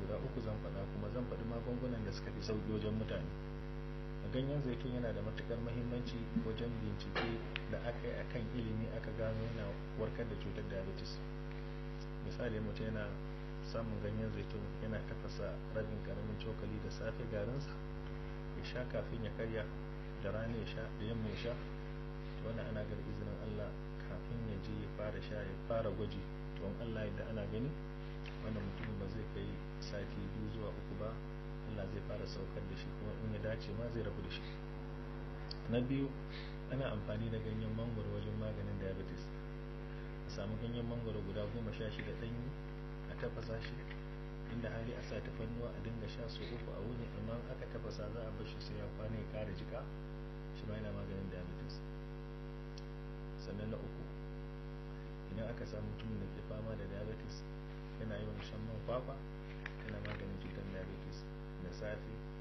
guda uku zan faɗa kuma zan faɗi magungunan da suka fi sauƙi wajen mutane a ganyen zaitun yana da matuƙar mahimmanci wajen bincike da aka yi a kan ilimi aka gano yana warkar da cutar diabetes misali mutum yana samun ganyen zaitun yana tafasa rabin karamin cokali da safe garinsa ya sha kafin ya karya da rana ya sha da yamma ya sha wani ana ga izinin Allah kafin ya je ya fara sha ya fara gwaji to Allah yadda ana gani wannan mutum saukar da shi kuma in ya dace ma zai rabu da shi na biyu ana amfani da ganyen mangoro wajen maganin diabetes a samu ganyen mangoro guda goma sha shi shida ɗanyi a tafasa shi inda hali a sa tafannuwa a dinga sha su uku a wuni amma aka tafasa za a bar shi sai ya kwana ya kara jika shi ma yana maganin diabetes sannan na uku idan aka samu mutumin da ke fama da diabetes yana yawan shan man kwakwa Cassie